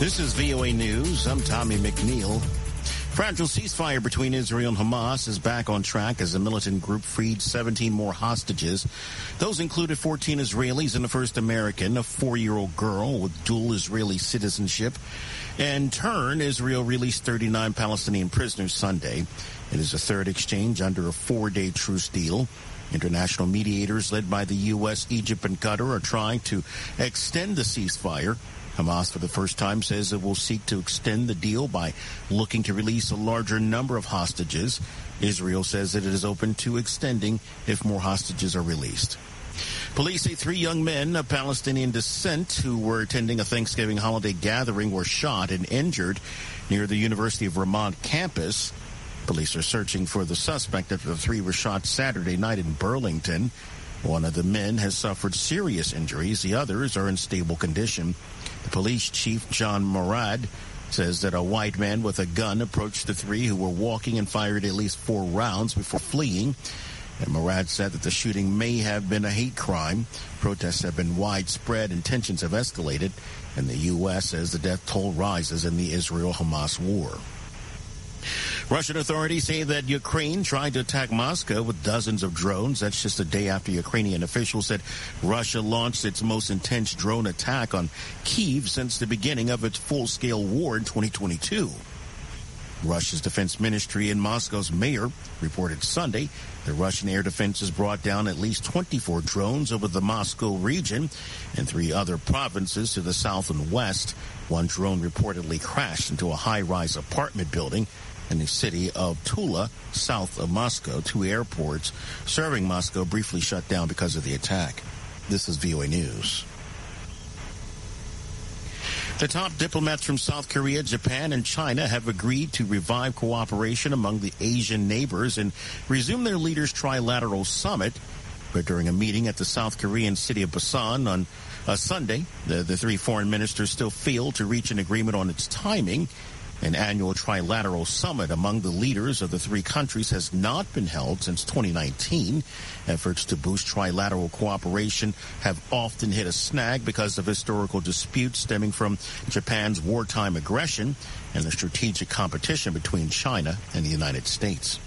This is VOA News. I'm Tommy McNeil. Fragile ceasefire between Israel and Hamas is back on track as the militant group freed 17 more hostages. Those included 14 Israelis and the first American, a four-year-old girl with dual Israeli citizenship. In turn, Israel released 39 Palestinian prisoners Sunday. It is the third exchange under a four-day truce deal. International mediators led by the U.S., Egypt, and Qatar are trying to extend the ceasefire Hamas, for the first time, says it will seek to extend the deal by looking to release a larger number of hostages. Israel says that it is open to extending if more hostages are released. Police say three young men of Palestinian descent who were attending a Thanksgiving holiday gathering were shot and injured near the University of Vermont campus. Police are searching for the suspect after the three were shot Saturday night in Burlington. One of the men has suffered serious injuries. The others are in stable condition. The police chief, John Murad, says that a white man with a gun approached the three who were walking and fired at least four rounds before fleeing. And Murad said that the shooting may have been a hate crime. Protests have been widespread and tensions have escalated. And the U.S. says the death toll rises in the Israel Hamas war. Russian authorities say that Ukraine tried to attack Moscow with dozens of drones. That's just a day after Ukrainian officials said Russia launched its most intense drone attack on Kiev since the beginning of its full-scale war in 2022. Russia's defense ministry and Moscow's mayor reported Sunday the Russian air defenses brought down at least 24 drones over the Moscow region and three other provinces to the south and west. One drone reportedly crashed into a high rise apartment building in the city of Tula, south of Moscow. Two airports serving Moscow briefly shut down because of the attack. This is VOA News. The top diplomats from South Korea, Japan, and China have agreed to revive cooperation among the Asian neighbors and resume their leaders' trilateral summit. But during a meeting at the South Korean city of Busan on a uh, Sunday, the, the three foreign ministers still failed to reach an agreement on its timing. An annual trilateral summit among the leaders of the three countries has not been held since 2019. Efforts to boost trilateral cooperation have often hit a snag because of historical disputes stemming from Japan's wartime aggression and the strategic competition between China and the United States.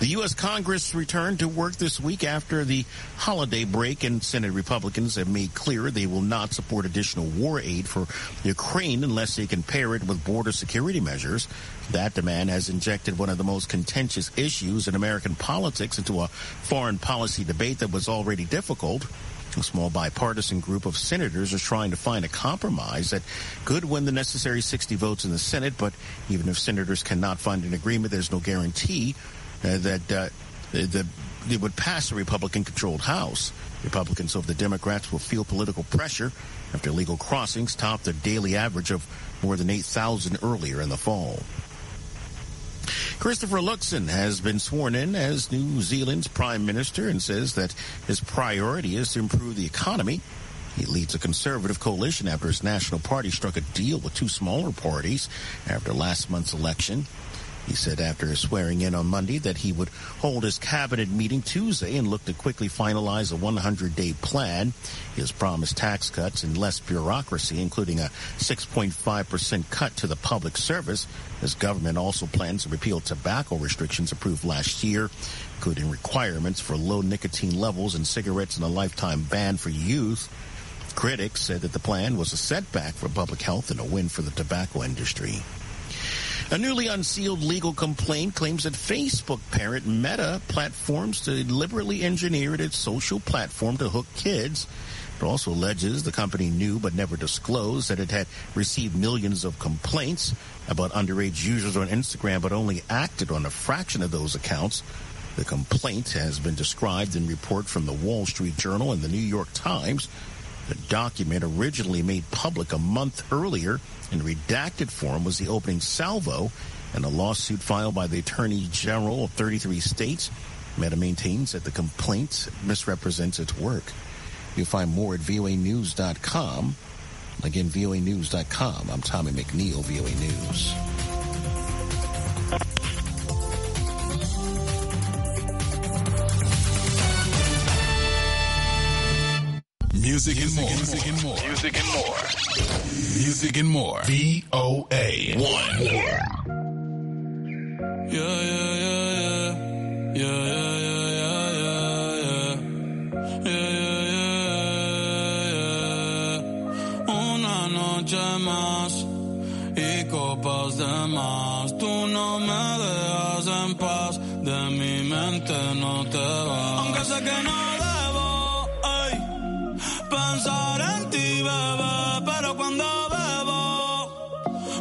The U.S. Congress returned to work this week after the holiday break, and Senate Republicans have made clear they will not support additional war aid for Ukraine unless they can pair it with border security measures. That demand has injected one of the most contentious issues in American politics into a foreign policy debate that was already difficult. A small bipartisan group of senators is trying to find a compromise that could win the necessary 60 votes in the Senate, but even if senators cannot find an agreement, there's no guarantee uh, uh, that the, it would pass a Republican-controlled House. Republicans over the Democrats will feel political pressure after legal crossings topped the daily average of more than 8,000 earlier in the fall. Christopher Luxon has been sworn in as New Zealand's prime minister and says that his priority is to improve the economy. He leads a conservative coalition after his national party struck a deal with two smaller parties after last month's election. He said after swearing in on Monday that he would hold his cabinet meeting Tuesday and look to quickly finalize a 100 day plan. His promised tax cuts and less bureaucracy, including a 6.5% cut to the public service. His government also plans to repeal tobacco restrictions approved last year, including requirements for low nicotine levels in cigarettes and a lifetime ban for youth. Critics said that the plan was a setback for public health and a win for the tobacco industry. A newly unsealed legal complaint claims that Facebook parent Meta platforms deliberately engineered its social platform to hook kids. It also alleges the company knew but never disclosed that it had received millions of complaints about underage users on Instagram, but only acted on a fraction of those accounts. The complaint has been described in report from the Wall Street Journal and the New York Times the document, originally made public a month earlier in redacted form, was the opening salvo in a lawsuit filed by the Attorney General of 33 states. Meta maintains that the complaint misrepresents its work. You'll find more at voanews.com. Again, voanews.com. I'm Tommy McNeil, VOA News. Music, music, and, more. music and more. Music and more. Music and more. V O A one. Yeah, yeah.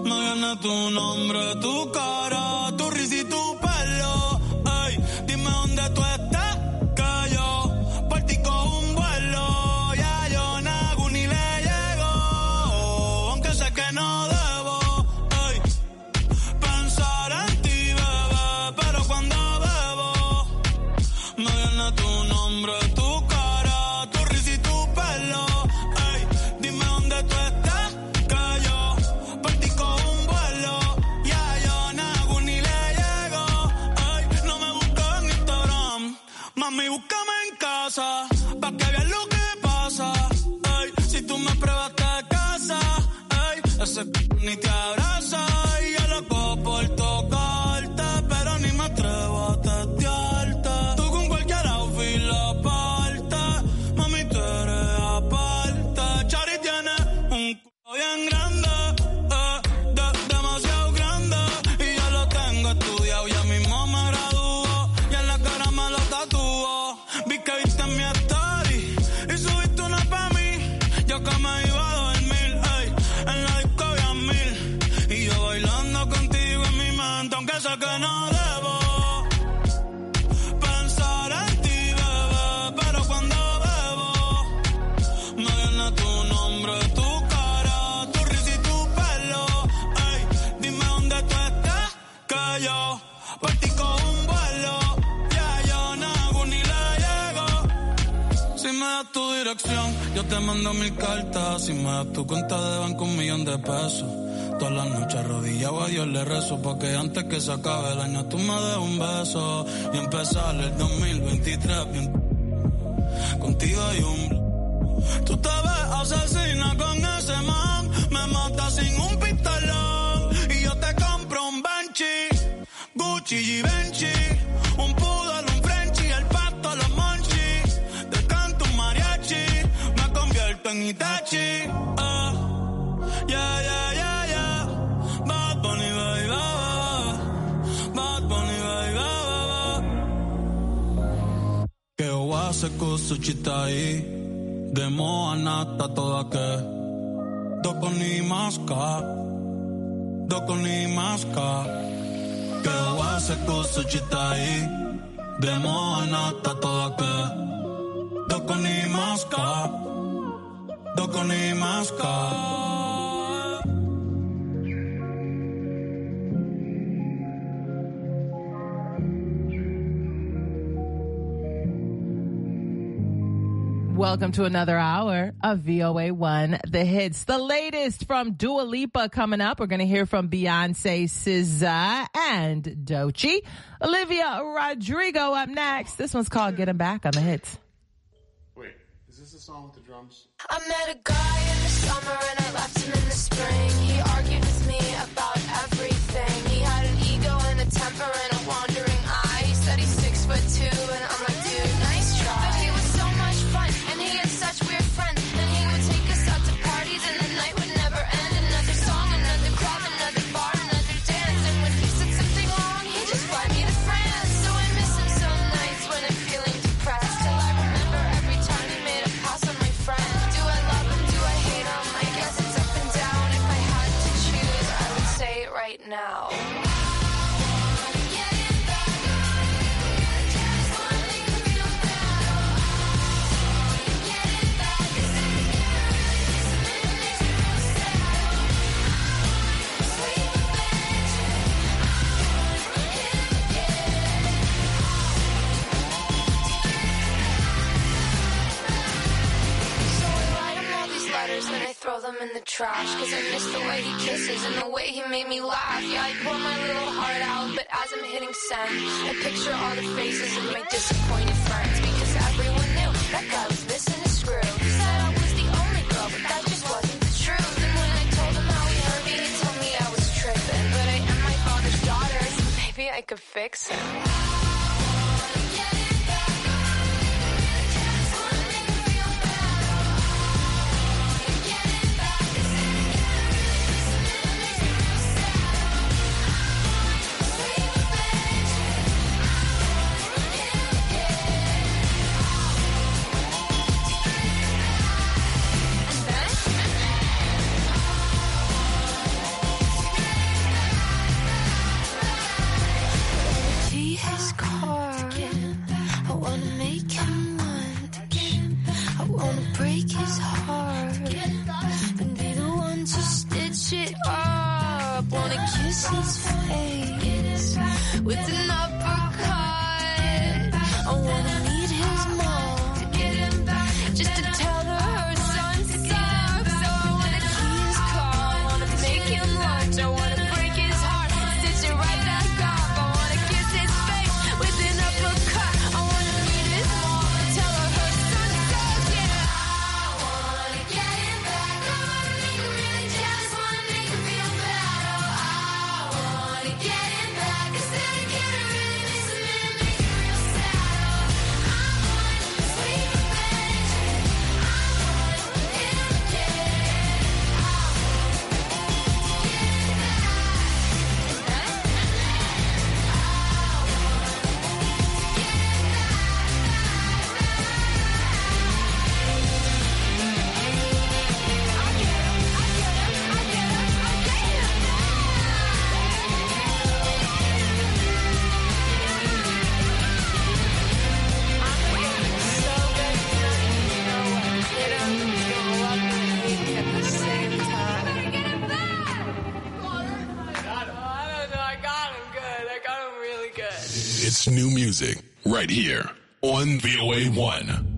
No he anat un tu cara rezo antes que se acabe el año tú me des un beso y empezar el 2023 Contigo hay un. Tú te ves asesina con ese man, me mata sin un pistolón y yo te compro un banchis Gucci y Benchi, un poodle, un Frenchy, el pato, los Monchi, te canto un mariachi, me convierto en Itachi. se cosa ci stai De mo anatta toda che Doko ni maska Doko ni maska Che wa se cosa ci stai De mo anatta toda che Doko ni maska Doko ni maska Welcome to another hour of VOA1 The Hits. The latest from Dua Lipa coming up. We're going to hear from Beyonce, SZA, and Dochi. Olivia Rodrigo up next. This one's called Get Him Back on The Hits. Wait, is this a song with the drums? I met a guy in the summer and I left him in the spring. He argued with me about everything. He had an ego and a temper and a wandering eye. He said he's six foot two right now. trash Cause I miss the way he kisses and the way he made me laugh Yeah, I pour my little heart out, but as I'm hitting send I picture all the faces of my disappointed friends Because everyone knew that guy was missing a screw He said I was the only girl, but that just wasn't the truth And when I told him how he hurt me, he told me I was tripping But I am my father's daughter, so maybe I could fix him It's new music right here on VOA 1.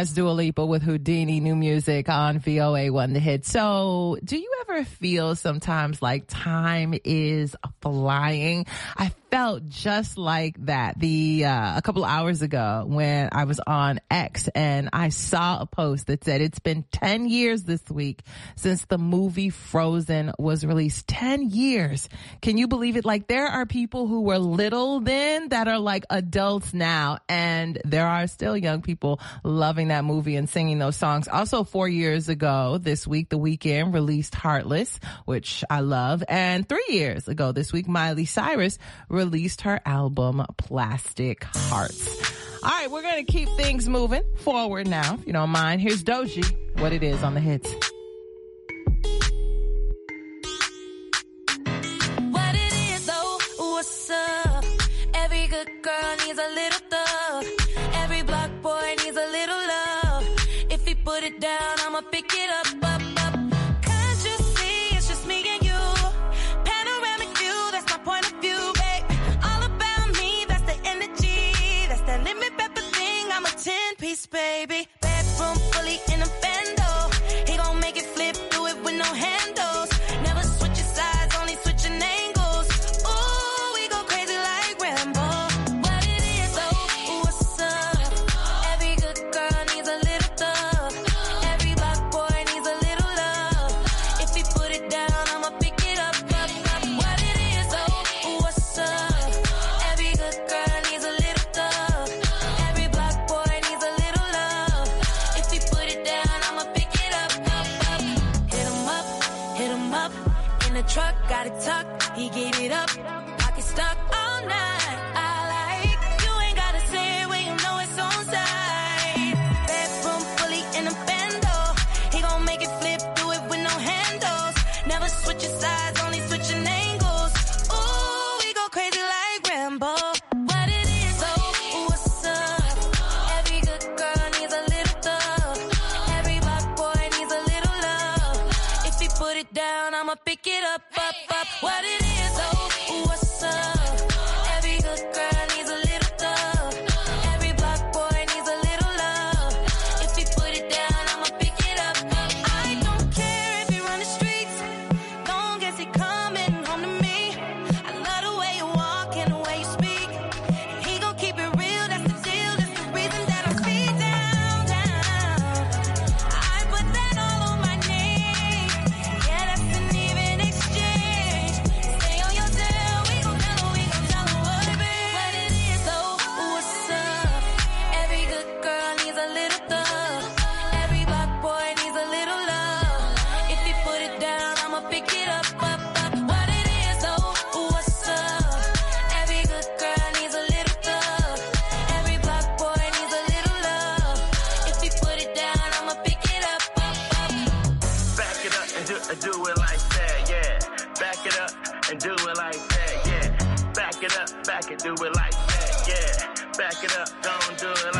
as Dua Lipa with Houdini, new music on VOA One The Hit. So, do you ever feel sometimes like time is flying? I felt just like that the uh, a couple hours ago when I was on X and I saw a post that said it's been 10 years this week since the movie Frozen was released 10 years can you believe it like there are people who were little then that are like adults now and there are still young people loving that movie and singing those songs also 4 years ago this week the weekend released Heart Heartless, which I love. And three years ago this week, Miley Cyrus released her album Plastic Hearts. All right, we're going to keep things moving forward now, if you don't mind. Here's Doji, what it is on the hits. baby. Don't do it like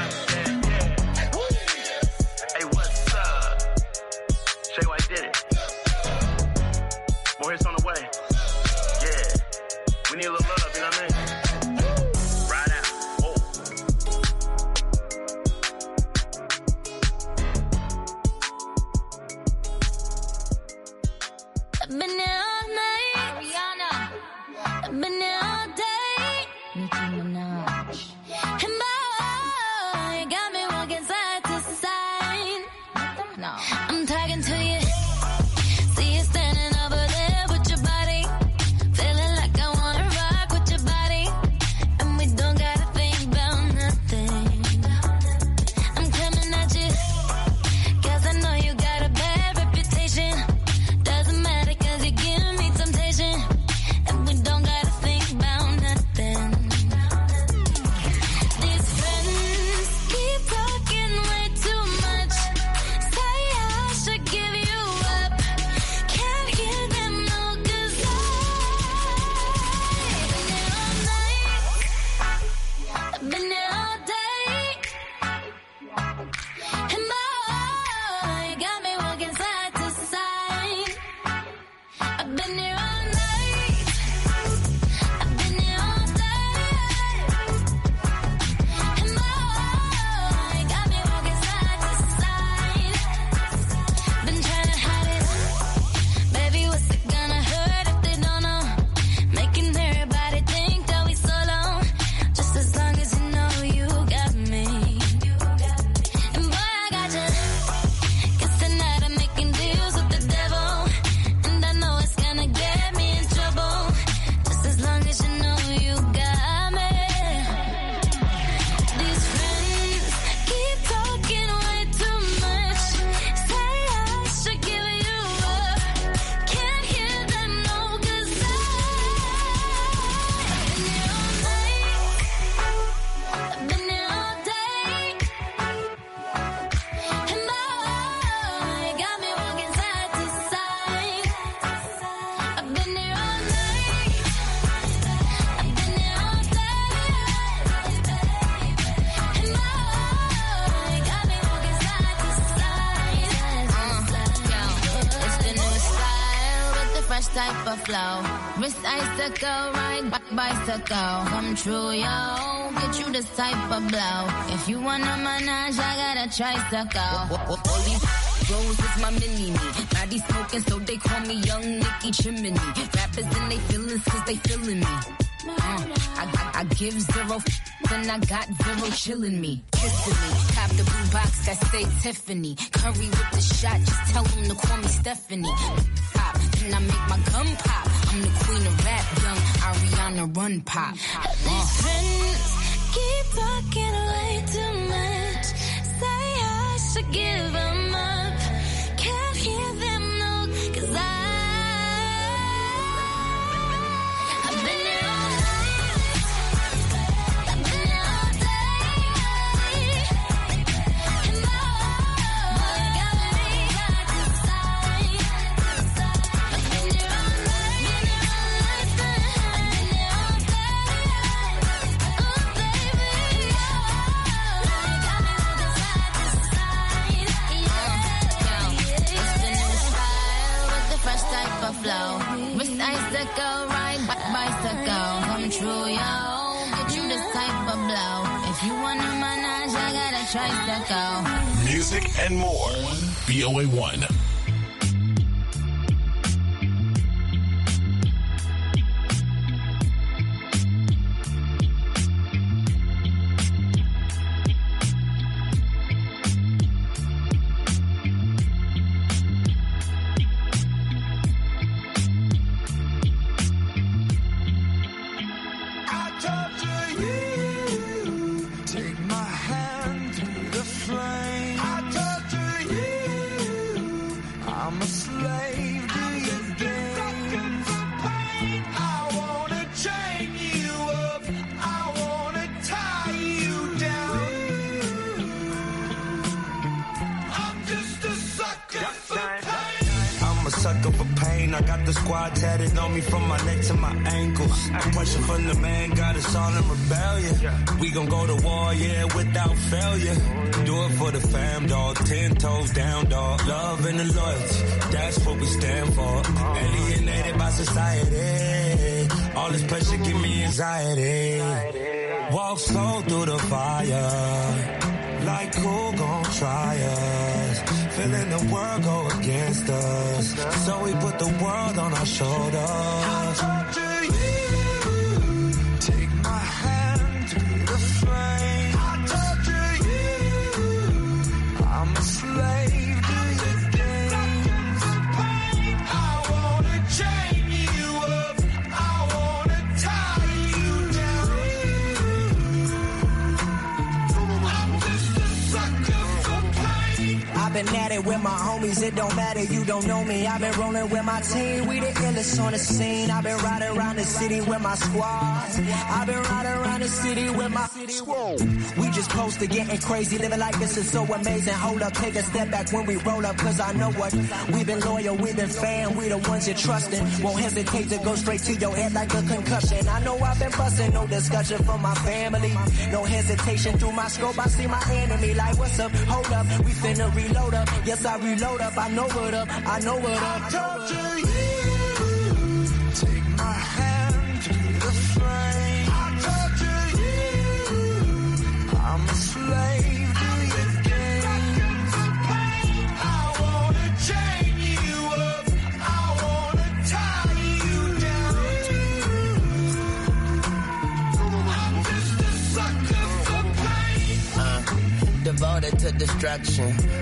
a call. Come true, yo. Get you this type of blow. If you want a menage, I got to try. a out. All these bros is my mini me. Body smoking, so they call me Young Nicky Chimney. Rappers and they feelings, cause they feeling me. Uh, I, I, I give zero, f- then I got zero chilling me, kissing me. Cop the blue box that say Tiffany. Curry with the shot, just tell them to call me Stephanie. Pop, then I make my gum pop. I'm the queen of rap, young Ariana Run Pop. These friends keep talking way too much. Say I should give up. Music and more. BOA 1. And I got the squad tatted on me from my neck to my ankles. Question from the man got us all in rebellion. We gon' go to war, yeah, without failure. Do it for the fam, dog. Ten toes down, dog. Love and the loyalty, that's what we stand for. Alienated by society. All this pressure give me anxiety. Walk slow through the fire. Like who gon' try us? feeling the world go against us. So we put the world on our shoulders. at it with my homies. It don't matter, you don't know me. I've been rolling with my team. We the illest on the scene. I've been riding around the city with my squad. I've been riding around the city with my squad. We just close to getting crazy. Living like this is so amazing. Hold up, take a step back when we roll up. Cause I know what. We've been loyal, we've been fan. We the ones you're trusting. Won't hesitate to go straight to your head like a concussion. I know I've been busting. No discussion from my family. No hesitation through my scope. I see my enemy like, what's up? Hold up. We finna reload up. Yes, I reload up, I know what up, I know what up. I told you. a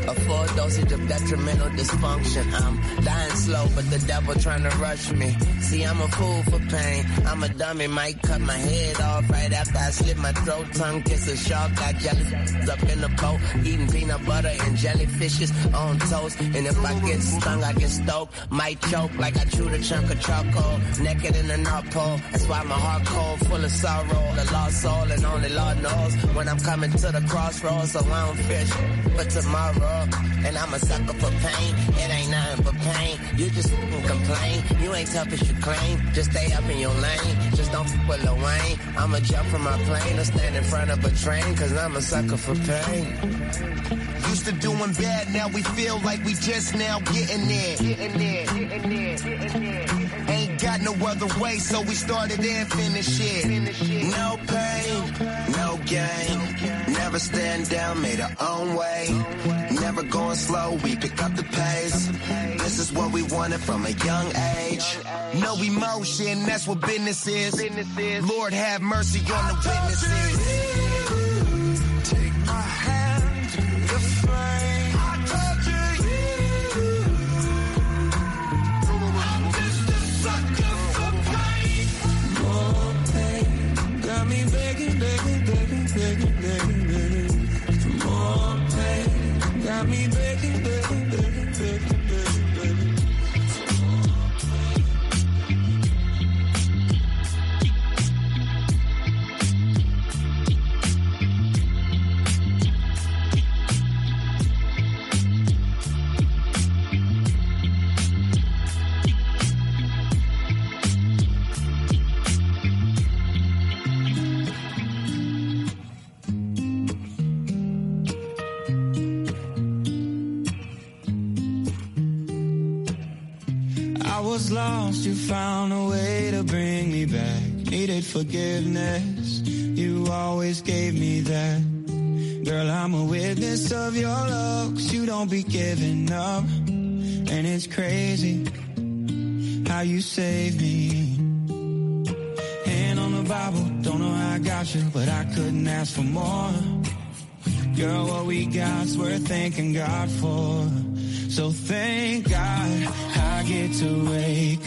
a full dosage of detrimental dysfunction. I'm dying slow, but the devil trying to rush me. See, I'm a fool for pain. I'm a dummy, might cut my head off right after I slit my throat. Tongue kiss a shark, got jealous up in the boat, eating peanut butter and jellyfishes on toast. And if I get stung, I get stoked, might choke like I chewed a chunk of charcoal, naked in the North Pole. That's why my heart cold, full of sorrow, The lost soul, and only Lord knows when I'm coming to the crossroads, so I don't fish for tomorrow. And I'm a sucker for pain. It ain't nothing but pain. You just complain. You ain't tough as you claim. Just stay up in your lane. Just don't fuck with Lil Wayne. I'ma jump from my plane or stand in front of a train. Cause I'm a sucker for pain. Used to doing bad, now we feel like we just now getting there. Getting there, getting there, getting there. Ain't got no other way, so we started and finished it. No pain, no gain. Never stand down, made our own way. Never going slow, we pick up the pace. This is what we wanted from a young age. No emotion, that's what business is. Lord have mercy on the witnesses. me baby, baby. found a way to bring me back. Needed forgiveness, you always gave me that. Girl, I'm a witness of your love, cause you don't be giving up. And it's crazy how you saved me. Hand on the Bible, don't know how I got you, but I couldn't ask for more. Girl, what we got's worth thanking God for. So thank God I get to wake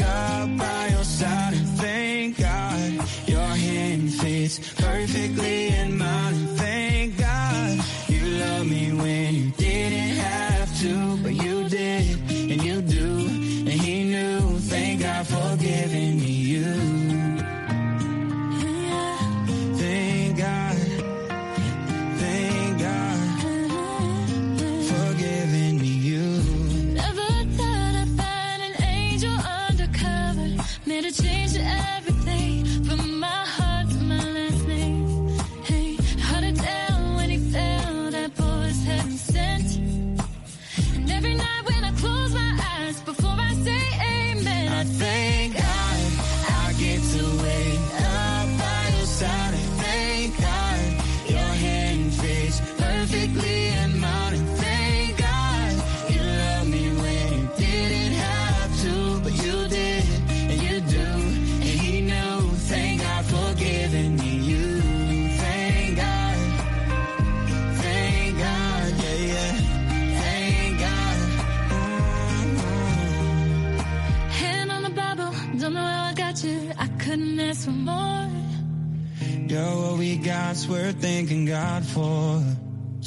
worth thanking God for.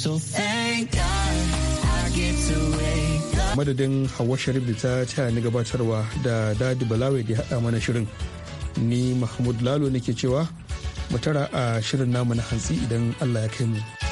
So thank God Madadin Hawa Sharif da ta taya ni gabatarwa da Dadi Balawe da haɗa mana shirin. Ni Mahmud Lalo nake cewa mu tara a shirin namu na hantsi idan Allah ya kai mu.